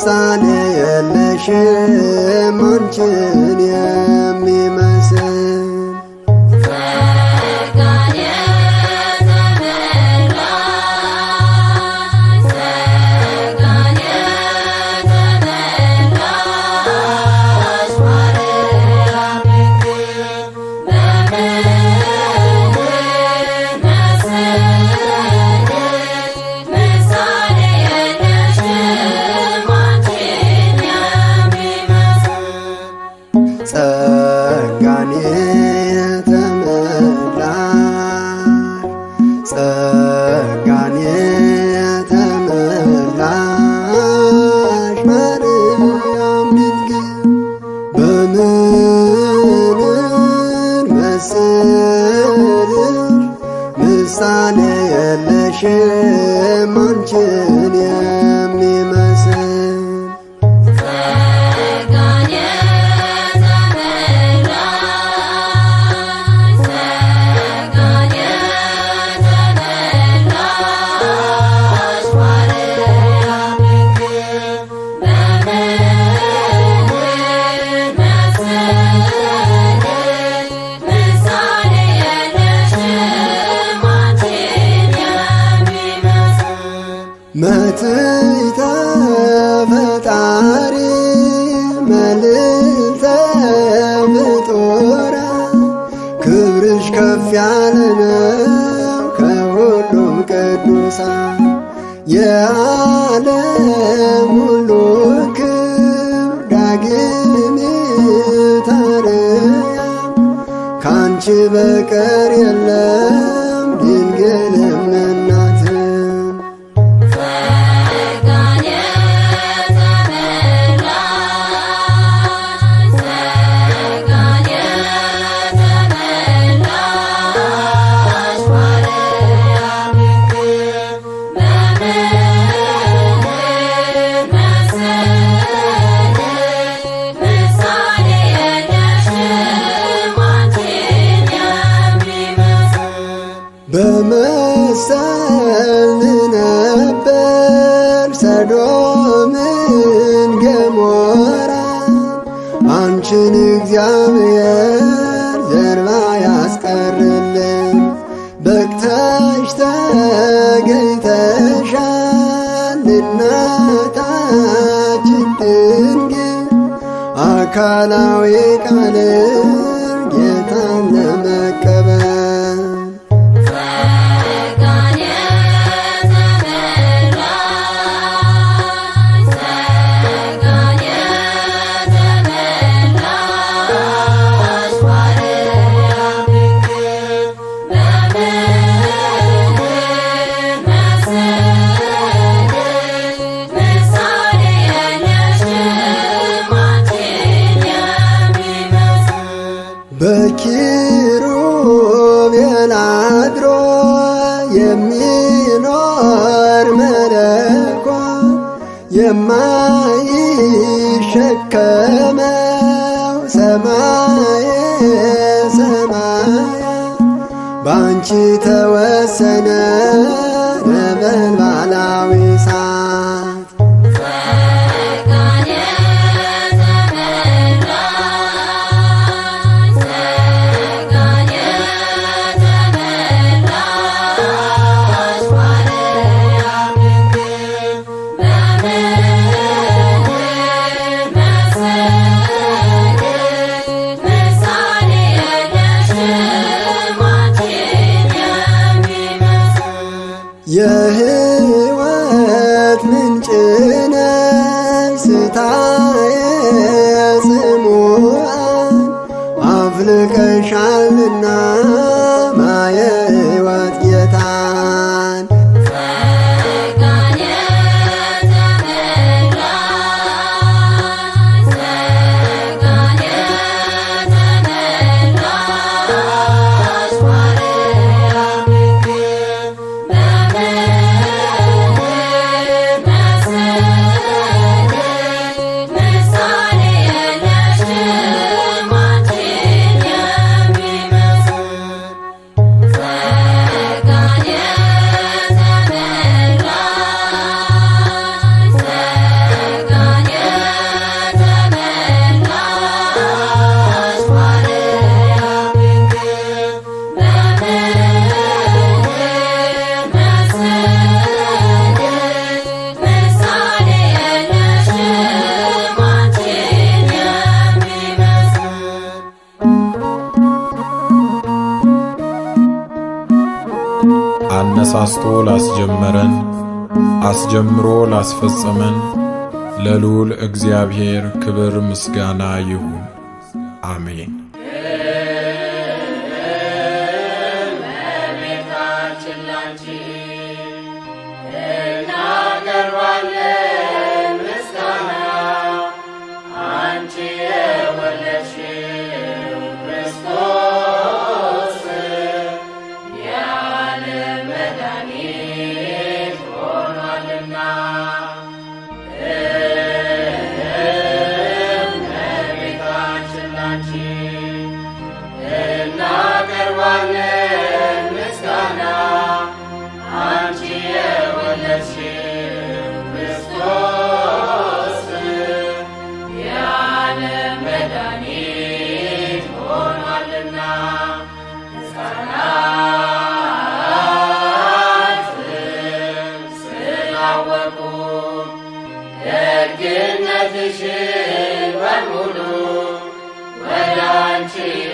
ልሳን የለሽም አንችን ክብርሽ ከፍ ያለ ነው ከሁሉም ቅዱሳን የዓለም ሁሉ ክብር ዳግም ታርያ ካንቺ በቀር የለም ድንግል እመቤታችን ድንግል አካላዊ ቃል am አድርገሻልና ማየ ጀመረን አስጀምሮ ላስፈጸመን ለልዑል እግዚአብሔር ክብር ምስጋና ይሁን፣ አሜን። వరాంచి